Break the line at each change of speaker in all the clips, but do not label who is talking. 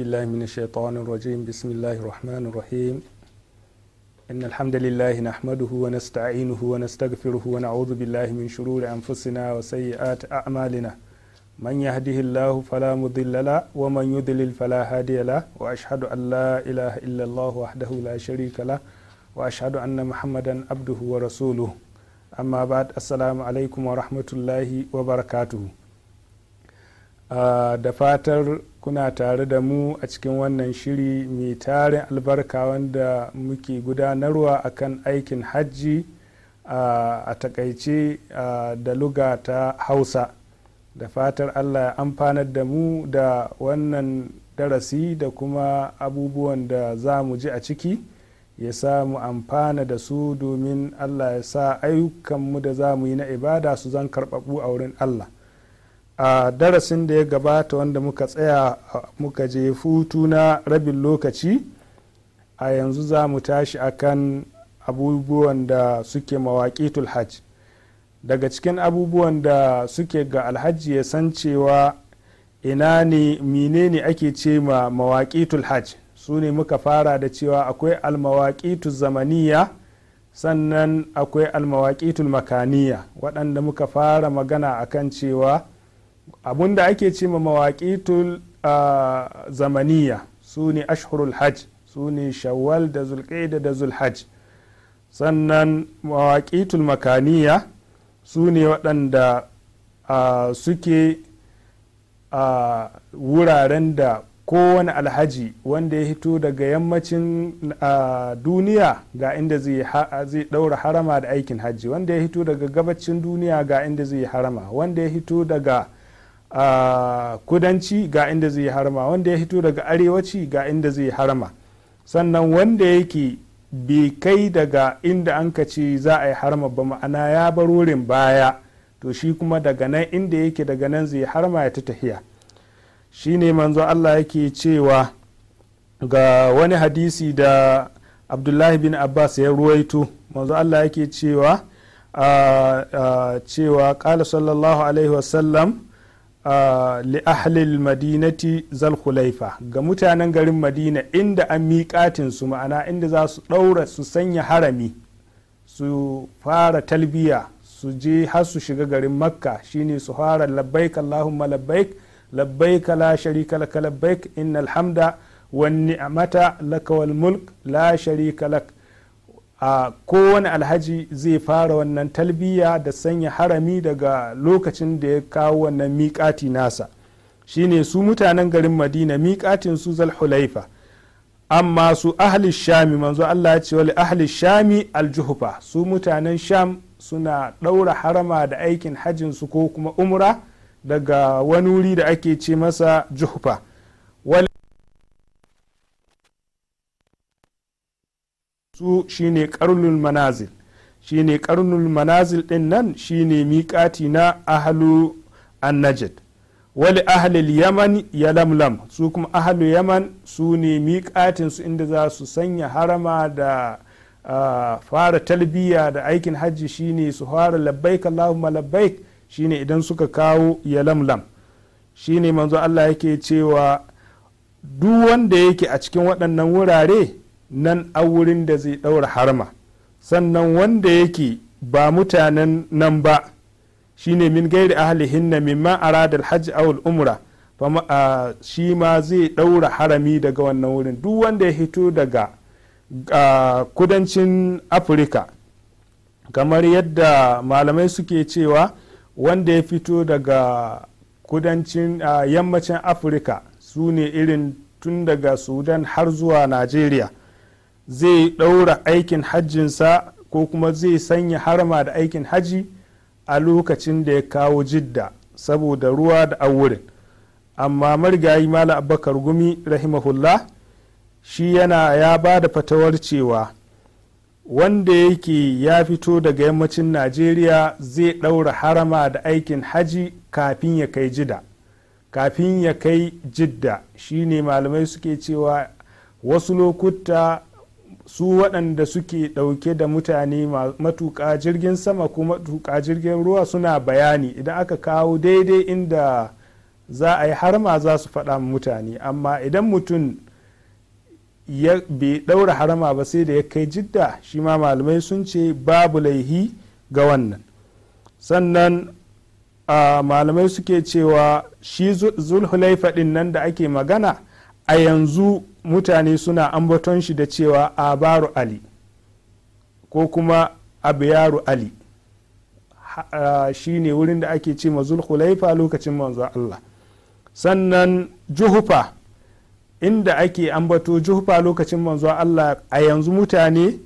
بالله من الشيطان الرجيم بسم الله الرحمن الرحيم إن الحمد لله نحمده ونستعينه ونستغفره ونعوذ بالله من شرور أنفسنا وسيئات أعمالنا من يهده الله فلا مضل له ومن يضلل فلا هادي له وأشهد أن لا إله إلا الله وحده لا شريك له وأشهد أن محمدا عبده ورسوله amma ba assalamu alaikum wa rahmatullahi wa barakatuhu uh, da fatar kuna tare da mu a cikin wannan shiri mai tarin albarka wanda muke gudanarwa akan aikin hajji a takaice da luga ta hausa da fatar allah ya amfanar da mu da wannan darasi da kuma abubuwan da za mu ji a ciki ya sa mu amfana da su domin allah ya sa ayyukanmu da za mu yi na ibada su zan karɓaɓu a wurin allah a darasin da ya gabata wanda muka tsaya muka je futu na rabin lokaci a yanzu za mu tashi akan abubuwan da suke mawaƙitul hajj daga cikin abubuwan da suke ga alhaji ya san cewa ina ne menene ake ce ma mawaƙitul hajj su ne muka fara da cewa akwai almawaƙitul zamaniya sannan akwai almawaƙitul makaniya waɗanda muka fara magana akan cewa abinda ake ce ma mawaƙitul zamaniya su ne ashhurul hajj su ne shawwal da zulqaida da zulhajj sannan mawaƙitul makaniya su ne waɗanda suke wuraren da kowane alhaji wanda ya hito daga yammacin duniya ga inda zai ɗaura harama da aikin hajji wanda ya hito daga gabacin duniya ga inda zai harama wanda ya hito daga a kudanci ga inda zai harma wanda ya hito daga arewaci ga inda zai harma sannan wanda yake bai kai daga inda an ce za a yi harma ba ma'ana ya bar wurin baya to shi kuma daga nan inda yake daga nan zai harma ya ta tafiya shi ne manzo allah yake cewa ga wani hadisi da abdullahi bin abbas ya ruwaito manzo allah yake cewa cewa kala sallallahu alaihi wasallam li ahlil madinati zal khulaifa ga mutanen garin madina inda an miƙatin su ma'ana inda za su ɗaura su sanya harami su fara talbiya su je har su shiga garin makka shine su fara labbaik allahumma labbaik labbaik la sharika laka labbaik innal hamda wan ni'mata laka wal mulk la sharika lak a kowane alhaji zai fara wannan talbiya da sanya harami daga lokacin da ya kawo wannan miƙati nasa shine su mutanen garin madina miƙatin su zalhulaifa amma su ahli shami manzo allah ya ce wali ahli shami aljuhufa su mutanen sham suna ɗaura harama da aikin hajjin ko kuma umra daga wani wuri da ake ce masa juhufa su shine karnul manazil shine karnul manazil din nan shine miƙati na ahlu annajid wali ahlil yaman ya lamlam su kuma ahlu yaman su ne miƙatin su inda za su sanya harama da fara talbiya da aikin hajji shine su fara labbaik allahumma labbaik shine idan suka kawo ya lamlam shine manzo Allah yake cewa duk wanda yake a cikin waɗannan wurare nan a wurin da zai ɗaura harma sannan wanda yake ba mutanen nan ba shine min gairi ahlihin na mimma aradal hajji awul umra shi ma zai ɗaura harami daga wannan wurin duk wanda ya hito daga kudancin afirka kamar yadda malamai suke cewa wanda ya fito daga kudancin yammacin afirka su ne irin tun daga sudan har zuwa najeriya zai ɗaura aikin hajjinsa ko kuma zai sanya harma da aikin haji a lokacin da ya kawo jidda saboda ruwa da awurin amma marigayi mala abakar gumi rahimahullah shi yana ya ba da fatawar cewa wanda yake ya fito daga yammacin najeriya zai ɗaura harama da aikin haji kafin ya kai jida kafin ya kai jidda shine malamai suke cewa wasu lokuta su waɗanda suke ɗauke da mutane matuƙa jirgin sama ko matuƙa jirgin ruwa suna bayani idan aka kawo daidai inda za a yi har ma za su faɗa mutane amma idan mutum ya bai ɗaura harama ba sai da ya kai jidda shi ma malamai sun ce babu laihi ga wannan sannan malamai suke cewa shi zulhulaifa ɗin nan da ake magana a yanzu mutane suna ambaton shi da cewa abaru ali ko kuma abiyaru ali shi ne wurin da ake ce mazul hulaifa lokacin manzo Allah sannan juhufa inda ake ambato juhufa lokacin manzo Allah a yanzu mutane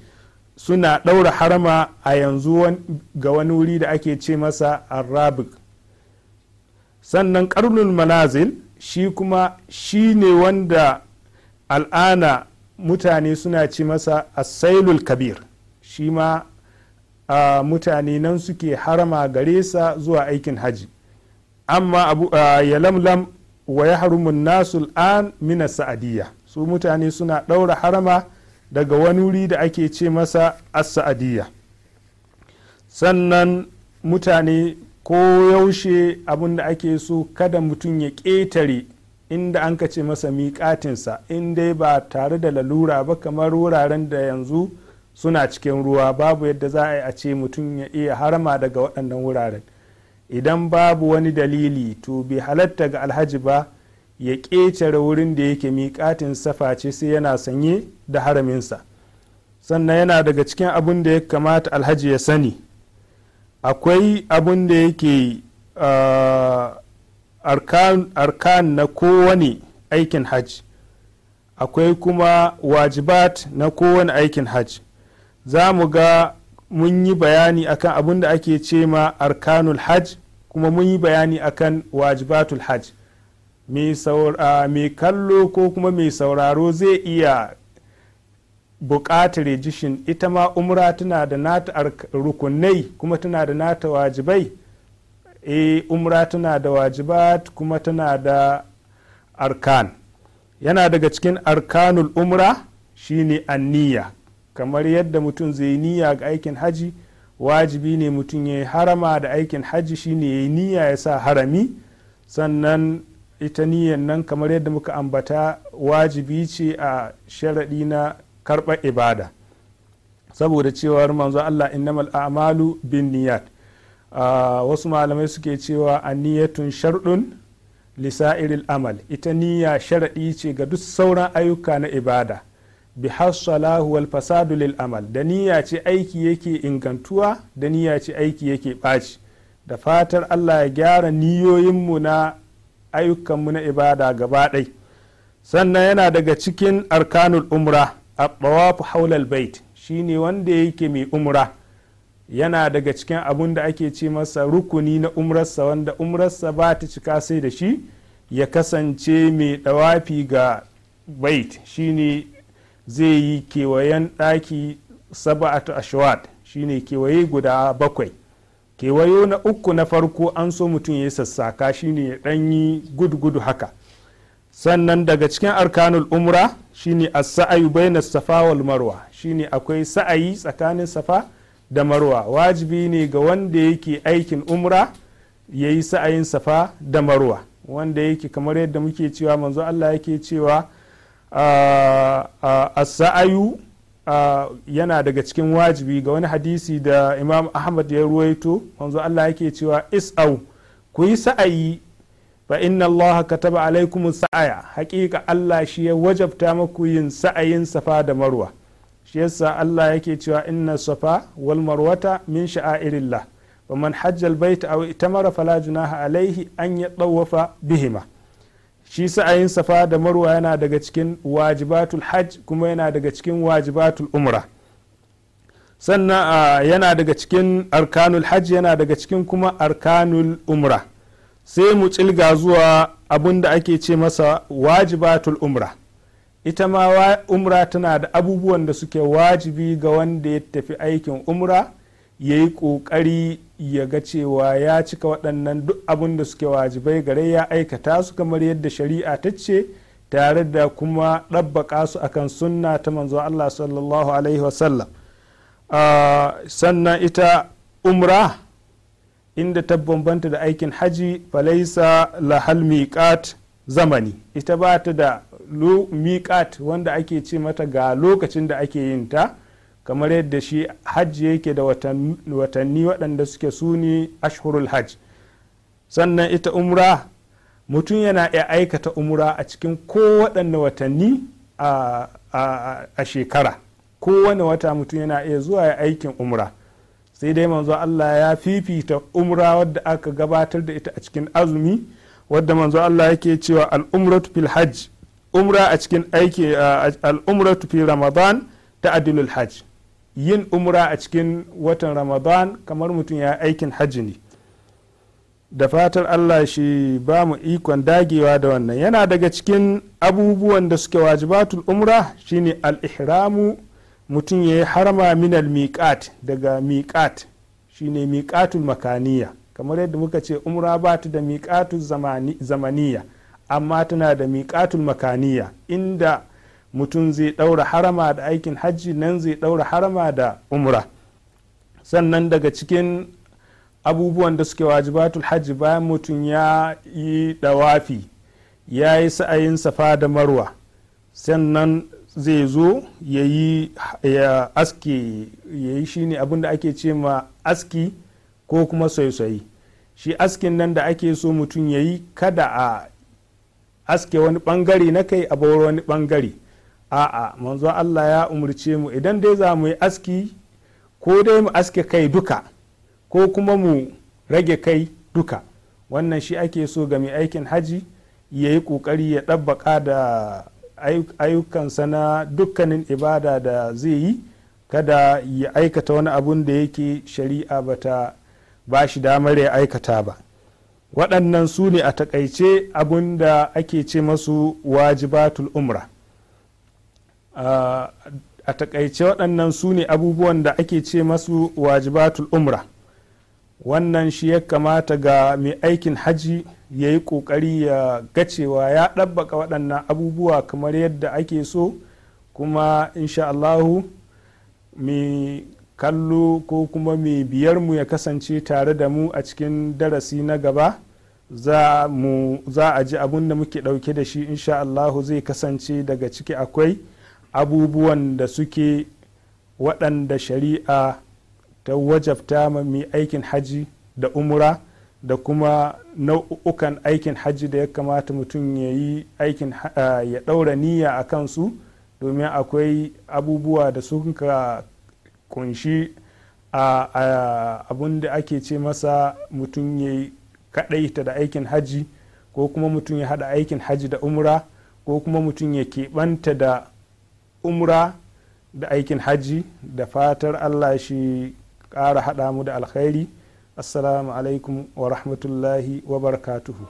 suna ɗaura harama a yanzu ga wani wuri da ake ce masa arabic sannan karnul manazil shi kuma shi ne wanda al'ana mutane suna ci masa asailul kabir shi ma mutane nan suke harama gare sa zuwa aikin haji amma abu ya lamlam wa ya harumun nasul an mina sa'adiyya su mutane suna ɗaura harama daga wani wuri da ake ce masa a'sa'adiyya sannan mutane ko yaushe abin da ake so kada mutum ya ƙetare inda an ka ce masa miƙatinsa in dai ba tare da lalura ba kamar wuraren da yanzu suna cikin ruwa babu yadda za a yi a ce mutum ya iya harama daga waɗannan wuraren idan babu wani dalili to bai halatta ga alhaji ba ya ƙetare wurin da yake miƙatin saface sai yana sanye da haraminsa sannan yana daga cikin abin da ya kamata alhaji ya sani akwai abin da yake ah, arkan na kowane aikin hajj akwai kuma wajibat na kowane aikin hajj za mu ga mun yi bayani akan abin da ake ce ma arkanul hajj kuma mun yi bayani akan wajibatul hajj mai kallo ko kuma mai sauraro zai iya buƙatar rijishin ita ma umra tana da nata rukunai kuma tana da nata wajibai e umra tana da wajibat kuma tana da arkan yana daga cikin arkanul umra shine anniya kamar yadda mutum zai niyya ga aikin haji wajibi ne mutum ya yi harama da aikin haji shine ya yi niyya ya sa harami sannan ita niyyan nan kamar yadda muka ambata wajibi ce a sharaɗi na karɓar ibada saboda cewar manzo Allah innamal a'malu bin niyat Ah, wasu malamai suke cewa aniyatun sharɗun lisa'iril amal ita niyya sharaɗi ce ga duk sauran ayyuka na ibada bi hassalahu wal fasadu lil amal da niyya ce aiki yake ingantuwa da niyya ce aiki yake ɓaci da fatar allah ya gyara niyoyinmu na ayyukanmu na ibada gaba ɗai sannan yana daga cikin arkanul umra a haulal bait shine wanda yake mai umra yana daga cikin abun da ake ce masa rukuni na umrarsa wanda umrarsa ba ta cika sai da shi ya kasance mai dawafi ga bait shine zai yi kewayen ɗaki saba'atu ashwat shine kewaye guda bakwai kewayo na uku na farko an so mutum ya sassaka shine ya dan yi gudu haka sannan daga cikin arkanul umra shine as-sa'ayu bayna safa wal marwa shine akwai sa'ayi tsakanin safa da marwa wajibi ne ga wanda yake aikin umra ya yi sa'ayin safa da marwa wanda yake kamar yadda muke cewa manzo Allah yake cewa a sa'ayu yana daga cikin wajibi ga wani hadisi da imam ahmad ya ruwaito manzo Allah yake cewa is'au ku yi sa'ayi fa inna Allah kataba alaikum sa'aya hakika Allah shi ya wajabta maku yin sa'ayin safa da marwa shi yasa Allah yake cewa inna safa wal marwata min sha'airillah wa man hajja al aw itamara fala junaha alaihi an yatawafa bihima shi sa'ayin safa da marwa yana daga cikin wajibatul hajj kuma yana daga cikin wajibatul umra sannan yana daga cikin arkanul hajj yana daga cikin kuma arkanul umra sai mu tsilga zuwa abin da ake ce masa wajibatul umra ita ma umra tana da abubuwan da suke wajibi ga wanda ya tafi aikin umra ya yi ƙoƙari ya ga cewa ya cika waɗannan duk abin da suke wajibai gare ya aikata su kamar yadda shari'a ta ce tare da kuma ɗabbaƙa su akan sunna ta manzo Allah sallallahu alaihi wasallam ah, sannan ita umra inda ta bambanta da aikin haji falaisa lahal miƙat zamani ita ba ta da miƙat wanda ake ce mata ga lokacin da ake yin ta kamar yadda shi hajji yake da watanni waɗanda suke suni ashhurul hajj sannan ita umra mutum yana iya aikata umra a cikin kowaɗanne watanni a shekara kowane wata mutum yana iya zuwa ya aikin umra sai dai manzo Allah ya fifita umra wadda aka gabatar da ita a cikin azumi wadda manzo Allah yake cewa al'umratu fil hajj umra a cikin aiki al'umra tufi ramadan ta adilul hajj yin umra a cikin watan ramadan kamar mutum ya aikin hajji ne da fatar allah shi ba mu ikon dagewa da wannan yana daga cikin abubuwan da suke wajibatul umra shine al-ihramu mutum ya yi harama minal miƙat daga miƙat shine miƙatul makaniya kamar yadda muka ce umra ba ta da miƙatul zamaniya amma tana da miƙatul makaniya inda mutum zai ɗaura harama da aikin hajji nan zai ɗaura harama da umra sannan daga cikin abubuwan da suke wajibatul hajji bayan mutum ya yi ɗawafi ya yi sa'ayin safa da marwa sannan zai zo ya yi ya aski ya yi shine abin da ake ce ma aski ko kuma soyi shi askin nan da ake so mutum ya yi kada a aske wani bangare na kai a bawar wani bangare a'a manzo Allah ya umarce mu idan dai za mu yi aski ko dai mu aske kai duka ko kuma mu rage kai duka wannan shi ake so ga mai aikin haji ya yi kokari ya ɗabbaka da ayyukansa na dukkanin ibada da zai yi kada ya aikata wani abun da yake shari'a bata ba shi damar ya aikata ba waɗannan su ne a takaice abin da ake ce masu wajibatul umra a takaice waɗannan su ne abubuwan da ake ce masu wajibatul umra wannan shi ya kamata ga mai aikin haji ya yi ƙoƙari ya gacewa ya ɗabbaka waɗannan abubuwa kamar yadda ake so kuma insha Allahu mai kallo ko kuma mai biyar mu ya kasance tare da mu a cikin darasi na gaba za a ji abun da muke ɗauke da shi insha Allahu zai kasance daga ciki akwai abubuwan da suke waɗanda shari'a ta wajabta mai aikin haji da umura da kuma nau'ukan aikin haji da ya kamata mutum ya yi aikin ah, ya ɗaura niyya a kansu domin akwai abubuwa da suka kunshi abun da ake ce masa mutum ya ta da aikin haji ko kuma mutum ya hada aikin haji da umra ko kuma mutum ya keɓanta da umra da aikin haji da fatar allah shi ƙara haɗa mu da alkhairi assalamu alaikum wa rahmatullahi wa barakatuhu